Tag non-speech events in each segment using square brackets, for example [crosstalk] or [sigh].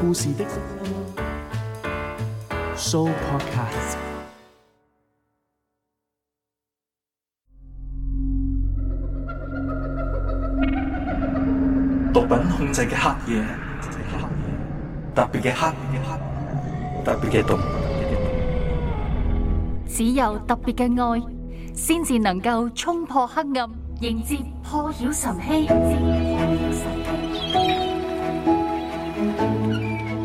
故事的。Podcast。毒品控制嘅黑夜，特別嘅黑夜，特別嘅毒。只有特別嘅愛，先至能夠衝破黑暗，迎接破曉晨曦。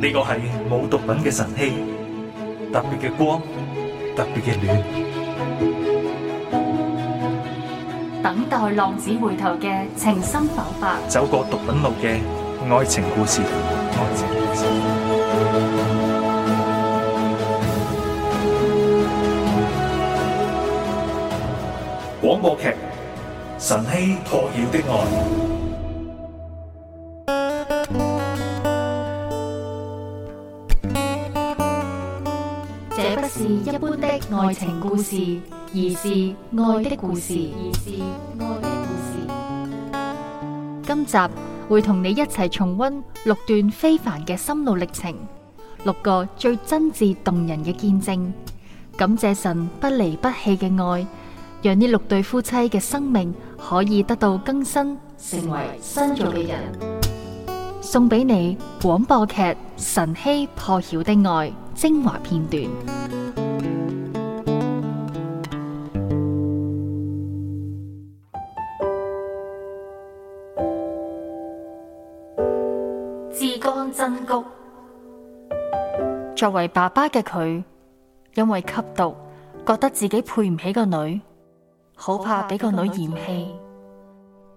呢個係冇毒品嘅晨曦，特別嘅光，特別嘅暖。等待浪子回頭嘅情深爆發，走過毒品路嘅愛情故事，愛情故事。廣播劇《晨曦破曉的愛》。愛情故事，而是愛的故事。而是愛的故事。今集會同你一齊重溫六段非凡嘅心路歷程，六個最真摯動人嘅見證。感謝神不離不棄嘅愛，讓呢六對夫妻嘅生命可以得到更新，成為新造嘅人。送俾你廣播劇《晨曦破曉的愛》精華片段。作為爸爸嘅佢，因為吸毒，覺得自己配唔起個女，好怕俾個女嫌棄。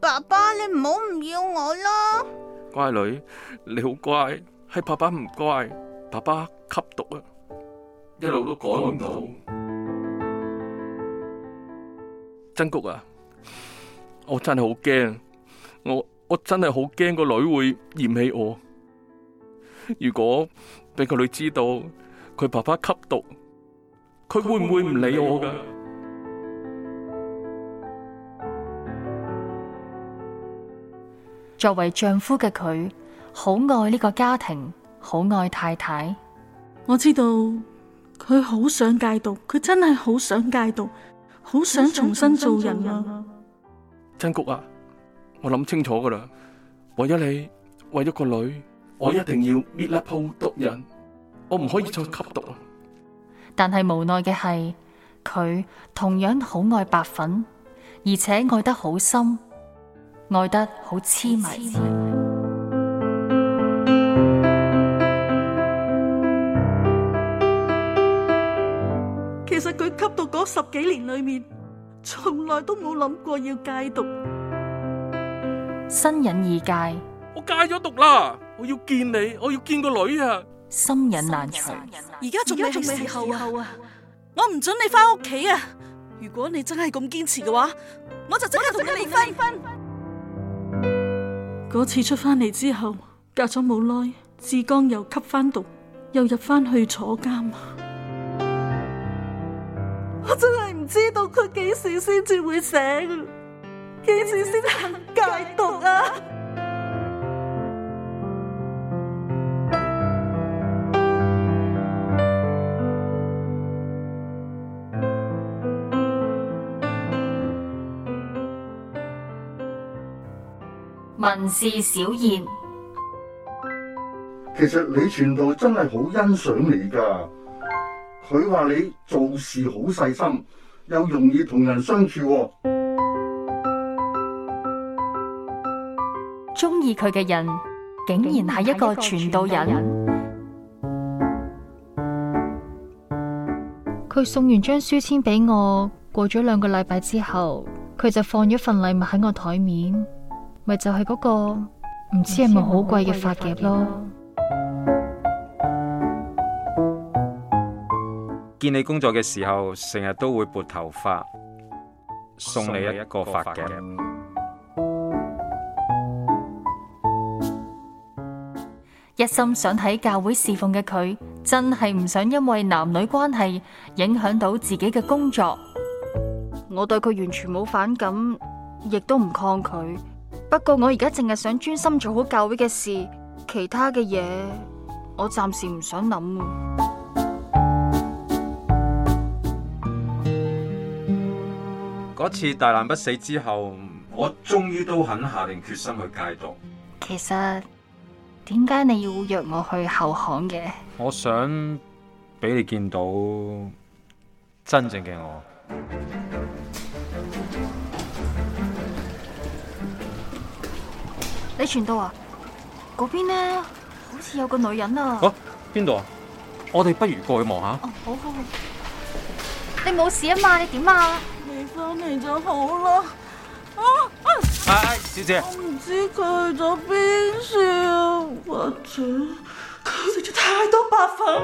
爸爸，你唔好唔要我啦。乖女，你好乖，係爸爸唔乖，爸爸吸毒啊，一路都改唔到。曾谷啊，我真係好驚，我我真係好驚個女會嫌棄我。如果。俾個女知道佢爸爸吸毒，佢會唔會唔理我噶？作為丈夫嘅佢，好愛呢個家庭，好愛太太。我知道佢好想戒毒，佢真係好想戒毒，好想重新做人啊！曾局啊，我諗清楚噶啦，為咗你，為咗個女。我一定要搣了鋪毒癮，我唔可以再吸毒。但係無奈嘅係，佢同樣好愛白粉，而且愛得好深，愛得好痴迷。其實佢吸毒嗰十幾年裏面，從來都冇諗過要戒毒。新癮易戒，我戒咗毒啦。我要見你，我要見個女啊！心癮難長，而家做咩時候啊？候啊，我唔准你翻屋企啊！如果你真係咁堅持嘅話，我就即刻同佢離婚。嗰次出翻嚟之後，隔咗冇耐，志剛又吸翻毒，又入翻去坐監。我真係唔知道佢幾時先至會醒，幾時先行戒毒啊！文事小燕，其實你傳道真係好欣賞你㗎。佢話你做事好細心，又容易同人相處喎。中意佢嘅人，竟然係一個傳道人。佢送完張書簽俾我，過咗兩個禮拜之後，佢就放咗份禮物喺我台面咪就係嗰個唔知係咪好貴嘅髮夾咯。見你工作嘅時候，成日都會撥頭髮，送你一個髮夾。一心想喺教會侍奉嘅佢，真係唔想因為男女關係影響到自己嘅工作。我對佢完全冇反感，亦都唔抗拒。不過我而家淨係想專心做好教會嘅事，其他嘅嘢我暫時唔想諗。嗰次大難不死之後，我終於都肯下定決心去戒毒。其實點解你要約我去後巷嘅？我想俾你見到真正嘅我。你傳道啊？嗰邊咧好似有個女人啊！哦、啊，邊度啊？我哋不如過去望下。哦、嗯，好好好。你冇事啊嘛？你點啊？你翻嚟就好啦。啊啊！哎姐、哎、姐。試試我唔知佢去咗邊處，或者佢食咗太多白粉。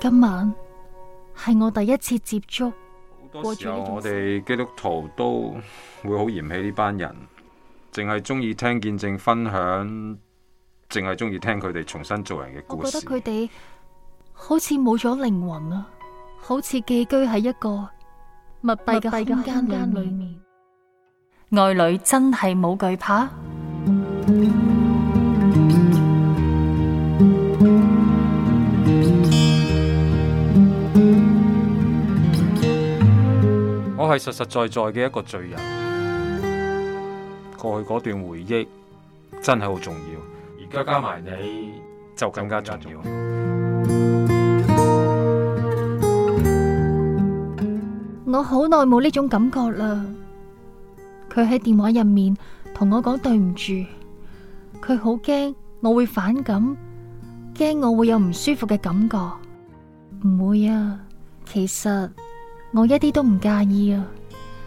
今晚係我第一次接觸。好多時候我哋基督徒都會好嫌棄呢班人。淨係中意聽見證分享，淨係中意聽佢哋重新做人嘅故事。我覺得佢哋好似冇咗靈魂啦，好似寄居喺一個密閉嘅空間裏面。愛女真係冇懼怕。我係實實在在嘅一個罪人。過去嗰段回憶真係好重要，而家加埋你就更加重要。我好耐冇呢種感覺啦。佢喺電話入面同我講對唔住，佢好驚我會反感，驚我會有唔舒服嘅感覺。唔會啊,其實我一啲都唔介意啊，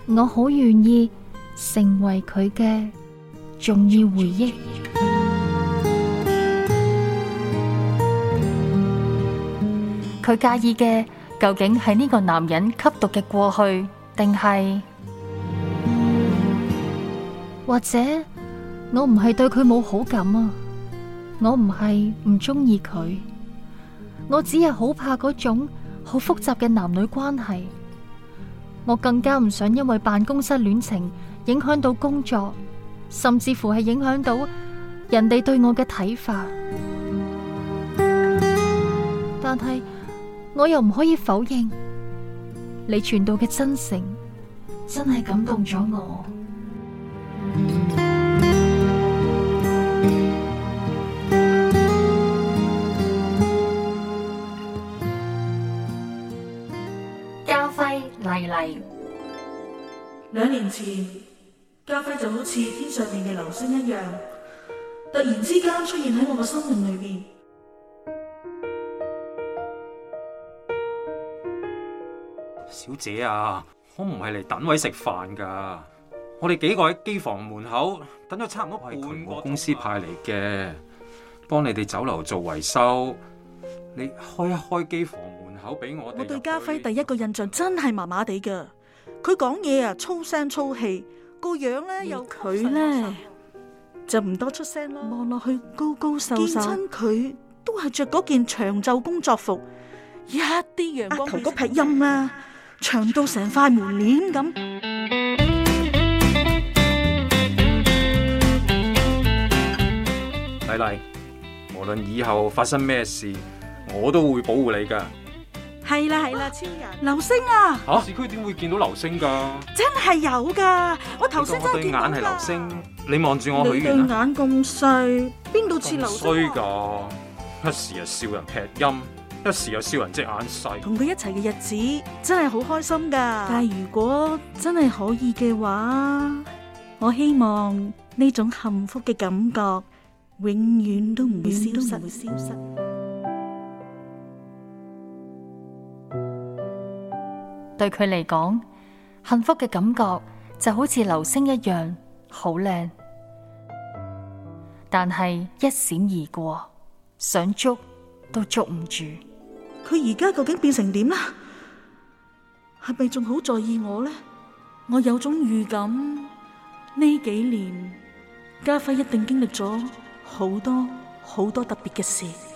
我好願意。成為佢嘅重要回憶。佢介意嘅究竟係呢個男人吸毒嘅過去，定係？或者我唔係對佢冇好感啊？我唔係唔中意佢，我只係好怕嗰種好複雜嘅男女關係。我更加唔想因為辦公室戀情。影響到工作，甚至乎係影響到人哋對我嘅睇法。但係我又唔可以否認你傳道嘅真誠，真係感動咗我。嘉輝、麗麗，兩年前。家輝就好似天上面嘅流星一樣，突然之間出現喺我嘅生命裏邊。小姐啊，我唔係嚟等位食飯噶，我哋幾個喺機房門口等到差唔多半我公司派嚟嘅，幫你哋酒樓做維修。你開一開機房門口俾我。我對家輝第一個印象真係麻麻地噶，佢講嘢啊粗聲粗氣。個樣咧，有佢咧就唔多出聲咯。望落去高高瘦瘦，見親佢都係着嗰件長袖工作服，一啲陽光同嗰劈音啦，長到成塊門簾咁。麗麗，無論以後發生咩事，我都會保護你噶。係啦係啦，超人！流星啊！市區點會見到流星噶？真係有噶，我頭先真係見到。我對眼係流星，你望住我許願啦。對眼咁細，邊度似流星？衰噶，一時又笑人劈音，一時又笑人隻眼細。同佢一齊嘅日子真係好開心噶。但係如果真係可以嘅話，我希望呢種幸福嘅感覺永遠都唔會消失。對佢嚟講，幸福嘅感覺就好似流星一樣，好靚，但係一閃而過，想捉都捉唔住。佢而家究竟變成點呀？係咪仲好在意我呢？我有種預感，呢幾年，家輝一定經歷咗好多好多特別嘅事。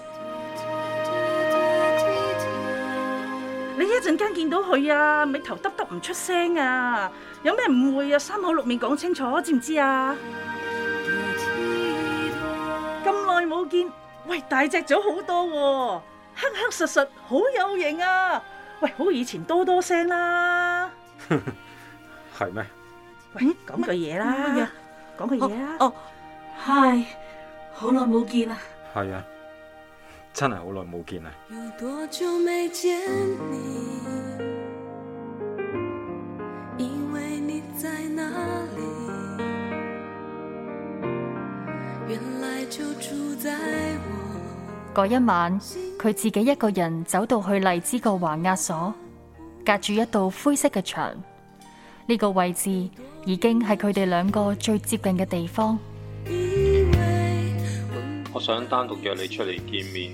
陣間見到佢啊，咪頭耷耷唔出聲啊，有咩誤會啊？三口六面講清楚，知唔知啊？咁耐冇見，喂，大隻咗好多，黑黑實實，好有型啊！喂，好以前多多聲啦，係咩？喂，講句嘢啦，講句嘢啊，哦，係，好耐冇見啦，係啊。真係好耐冇見啦！嗰 [music] 一晚，佢自己一個人走到去荔枝角還押所，隔住一道灰色嘅牆，呢、這個位置已經係佢哋兩個最接近嘅地方。想單獨約你出嚟見面，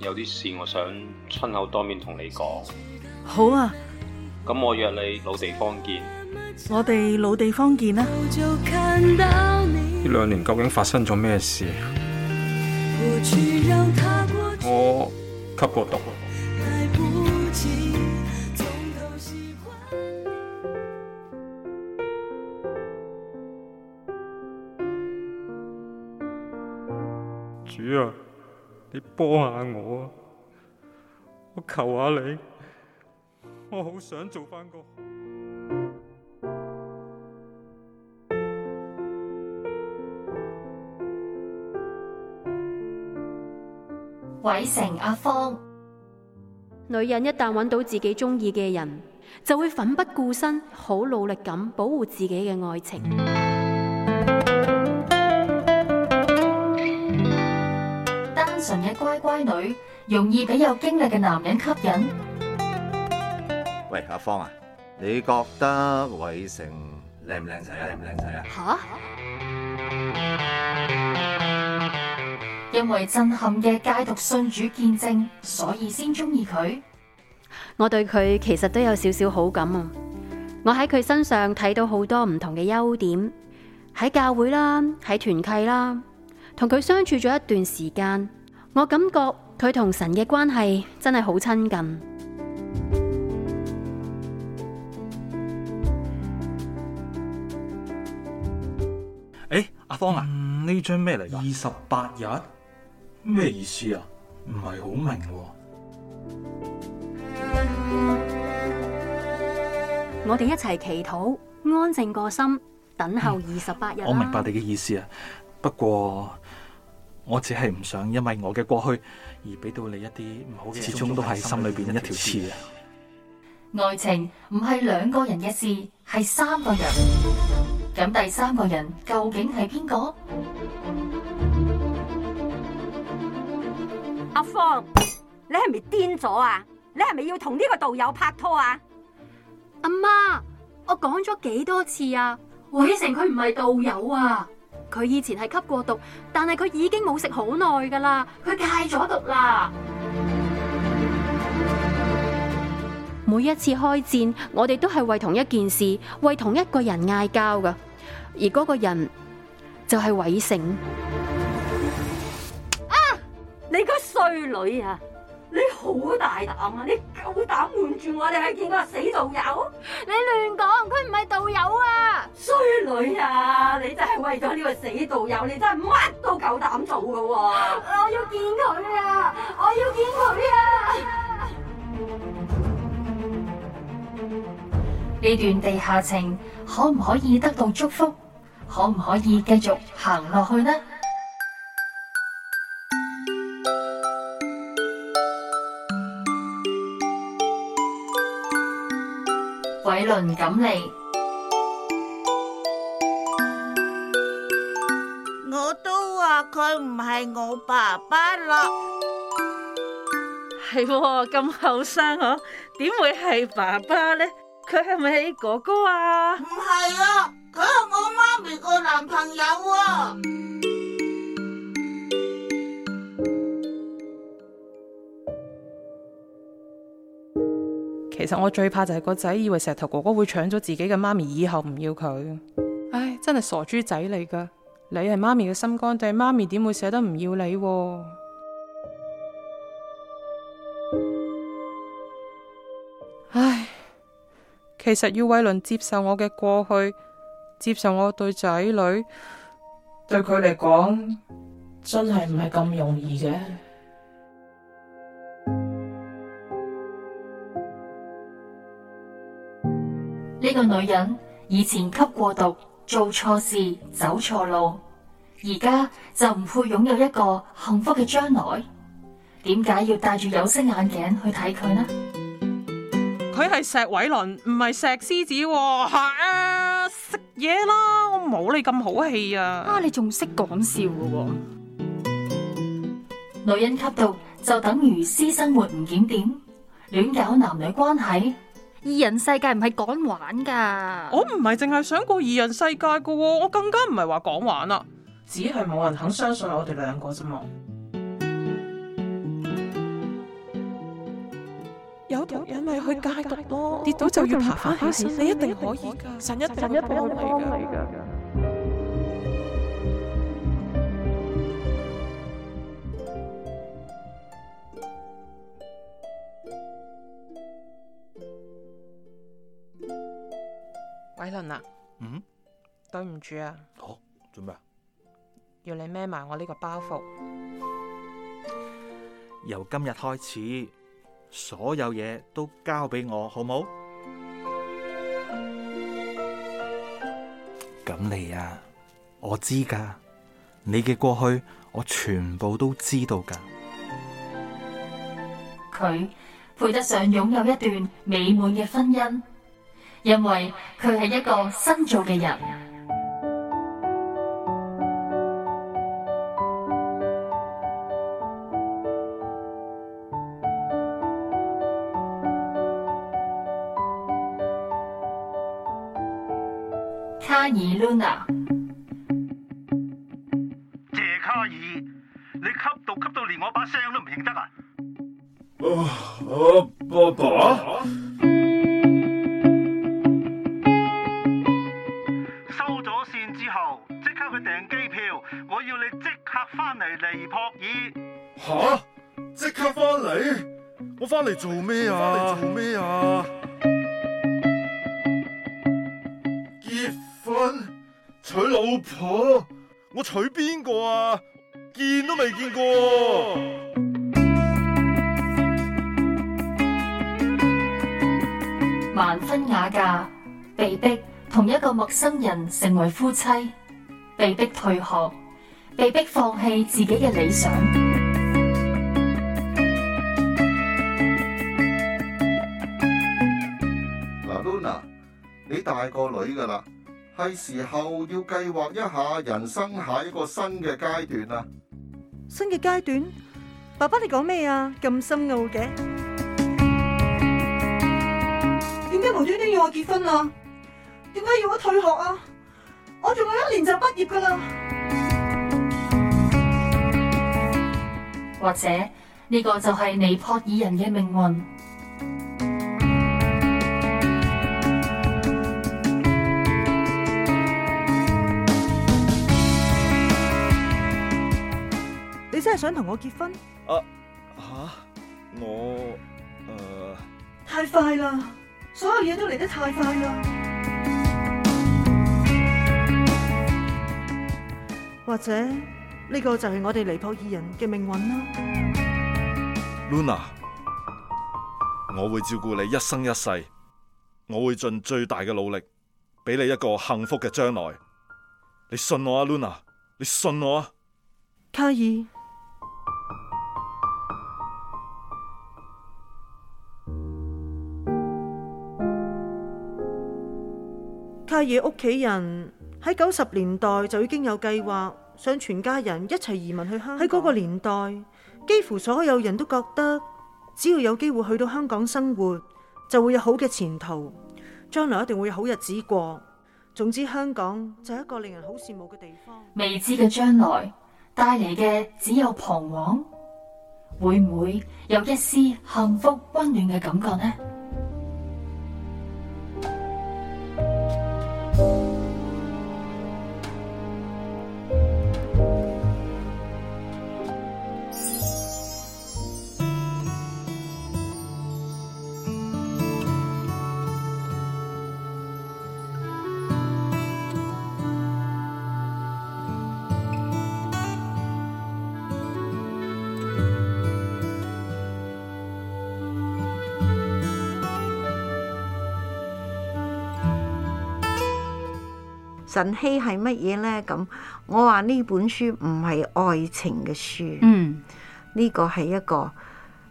有啲事我想親口當面同你講。好啊，咁我約你老地方見。我哋老地方見啦。呢兩年究竟發生咗咩事？我吸過毒。你幫下我啊！我求下你，我好想做翻個。偉成，阿芳，女人一旦揾到自己中意嘅人，就會奮不顧身、好努力咁保護自己嘅愛情。嗯純日乖乖女，容易俾有經歷嘅男人吸引。喂，阿芳啊，你覺得偉成靚唔靚仔啊？靚唔靚仔啊？吓、啊，哈因為震撼嘅戒毒信主見證，所以先中意佢。我對佢其實都有少少好感啊！我喺佢身上睇到好多唔同嘅優點，喺教會啦，喺團契啦，同佢相處咗一段時間。我感覺佢同神嘅關係真係好親近。誒、哎，阿方啊，呢、嗯、張咩嚟？二十八日咩意思啊？唔係好明、啊。我哋一齊祈禱，安靜個心，等候二十八日、啊、 [laughs] 我明白你嘅意思啊，不過。我只係唔想因為我嘅過去而俾到你一啲唔好嘅，始終都係心裏邊一條刺啊！愛情唔係兩個人嘅事，係三個人。咁第三個人究竟係邊個？阿芳，你係咪癲咗啊？你係咪要同呢個道友拍拖啊？阿媽，我講咗幾多次啊？王啟成佢唔係道友啊！佢以前係吸過毒，但係佢已經冇食好耐噶啦，佢戒咗毒啦。每一次開戰，我哋都係為同一件事，為同一個人嗌交噶，而嗰個人就係偉成啊！你個衰女啊！你好大膽啊！你夠膽瞞住我哋去見個死導遊？你亂講，佢唔係導遊啊！衰女啊！你真係為咗呢個死導遊，你真係乜都夠膽做噶！我要見佢啊！我要見佢啊！呢段地下情可唔可以得到祝福？可唔可以繼續行落去呢？輪咁嚟，我都話佢唔係我爸爸咯，係咁後生嗬，點會係爸爸咧？佢係咪哥哥啊？唔係啊，佢係我媽咪個男朋友啊。其實我最怕就係個仔以為石頭哥哥會搶咗自己嘅媽咪，以後唔要佢。唉，真係傻豬仔嚟噶！你係媽咪嘅心肝，定係媽咪點會捨得唔要你？唉，其實要偉倫接受我嘅過去，接受我對仔女，對佢嚟講，真係唔係咁容易嘅。呢個女人以前吸過毒，做錯事，走錯路，而家就唔會擁有一個幸福嘅將來。點解要戴住有色眼鏡去睇佢呢？佢係石偉倫，唔係石獅子喎。食嘢啦，我冇你咁好氣啊！啊，你仲識講笑噶，哦？女人吸毒就等於私生活唔檢點，亂搞男女關係。二人世界唔係講玩噶，我唔係淨係想過二人世界噶，我更加唔係話講玩啦，只係冇人肯相信我哋兩個啫嘛。有毒人咪去戒毒咯，跌到就要爬翻起身，你一定可以噶，神一定會嚟噶。偉倫啊，嗯，對唔住啊，好，做咩啊？要你孭埋我呢個包袱，由今日開始，所有嘢都交俾我，好冇？咁你啊，我知噶，你嘅過去我全部都知道噶，佢配得上擁有一段美滿嘅婚姻。因為佢係一個新造嘅人。卡爾 Luna，謝卡爾，你吸毒吸到連我把聲都唔認得啊。我我唔得。嚟做咩啊？嚟做咩啊？ [music] 結婚娶老婆，我娶邊個啊？見都未見過。盲婚啞嫁，被逼同一個陌生人成為夫妻，被逼退學，被逼放棄自己嘅理想。你大個女噶啦，係時候要計劃一下人生下一個新嘅階段啦。新嘅階段，爸爸你講咩啊？咁深奧嘅，點解無端端要我結婚啊？點解要我退學啊？我仲有一年就畢業噶啦。或者呢個就係尼泊爾人嘅命運。想同我結婚？啊吓、啊！我誒、呃、太快啦，所有嘢都嚟得太快啦。 [music] 或者呢、這個就係我哋尼泊爾人嘅命運啦。Luna，我會照顧你一生一世，我會盡最大嘅努力俾你一個幸福嘅將來。你信我啊，Luna，你信我啊，卡爾。太爺屋企人喺九十年代就已經有計劃，想全家人一齊移民去香港。喺嗰個年代，幾乎所有人都覺得，只要有機會去到香港生活，就會有好嘅前途，將來一定會有好日子過。總之，香港就係一個令人好羨慕嘅地方。未知嘅將來帶嚟嘅只有彷徨，會唔會有一絲幸福溫暖嘅感覺呢？晨曦係乜嘢咧？咁我話呢本書唔係愛情嘅書，呢個係一個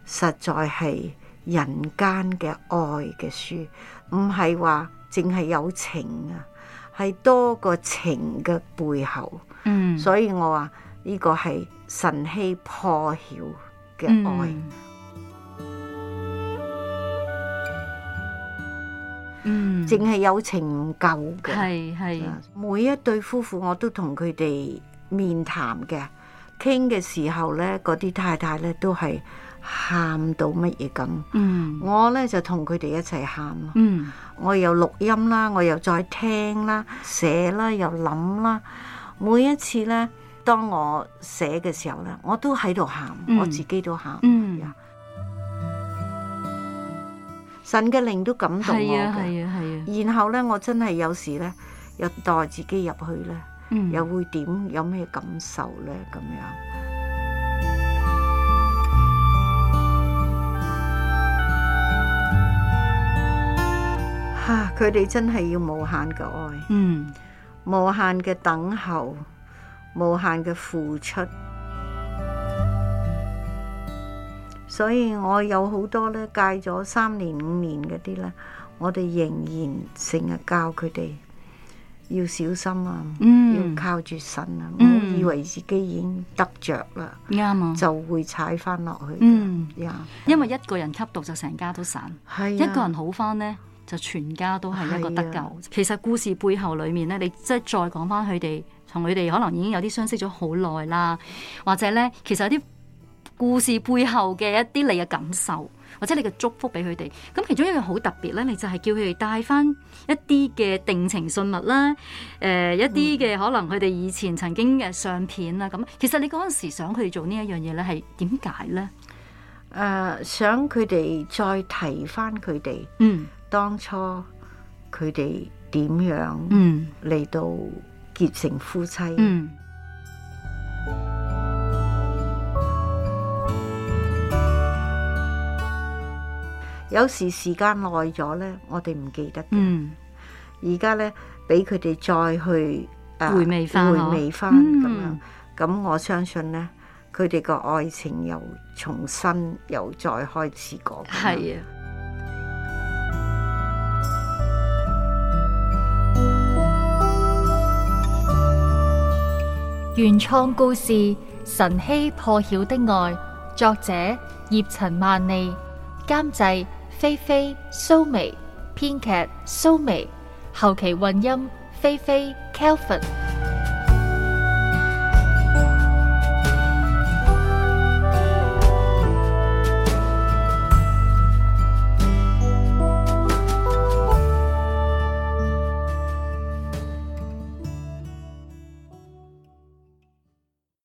實在係人間嘅愛嘅書，唔係話淨係有情啊，係多個情嘅背後，嗯、所以我話呢個係晨曦破曉嘅愛。嗯定係友情唔夠嘅，係係。每一對夫婦我都同佢哋面談嘅，傾嘅時候咧，個啲太太咧都係喊到乜嘢咁。嗯，我咧就同佢哋一齊喊咯。嗯，我又錄音啦，我又再聽啦，寫啦，又諗啦。每一次咧，當我寫嘅時候咧，我都喺度喊，嗯、我自己都喊。嗯嗯神嘅靈都感動我嘅，啊啊啊、然後咧，我真係有時咧，又代自己入去咧、嗯，又會點，有咩感受咧？咁樣，嚇！佢 [noise] 哋楽、啊、真係要無限嘅愛，嗯，無限嘅等候，無限嘅付出。所以我有好多咧戒咗三年五年嗰啲咧，我哋仍然成日教佢哋要小心啊，嗯、要靠住神啊，唔好、嗯、以為自己已經得着啦，啱啊、嗯，就會踩翻落去。嗯，yeah, 因為一個人吸毒就成家都散，啊、一個人好翻呢，就全家都係一個得救。啊、其實故事背後裏面咧，你即係再講翻佢哋同佢哋可能已經有啲相識咗好耐啦，或者咧其實有啲。故事背後嘅一啲你嘅感受，或者你嘅祝福俾佢哋？咁其中一樣好特別咧，你就係叫佢哋帶翻一啲嘅定情信物啦，誒、呃，一啲嘅可能佢哋以前曾經嘅相片啊。咁其實你嗰陣時想佢哋做呢一樣嘢咧，係點解咧？誒、呃，想佢哋再提翻佢哋嗯當初佢哋點樣嚟到結成夫妻。嗯嗯有時時間耐咗咧，我哋唔記得嘅。而家咧，俾佢哋再去、uh, 回味翻，回味翻咁、mm. 樣。咁我相信咧，佢哋個愛情又重新又再開始過。係啊的。 [music] 原創故事《晨曦破曉的愛》，作者葉陳萬利。監製菲菲蘇眉、編劇蘇眉，後期混音菲菲 Kelvin。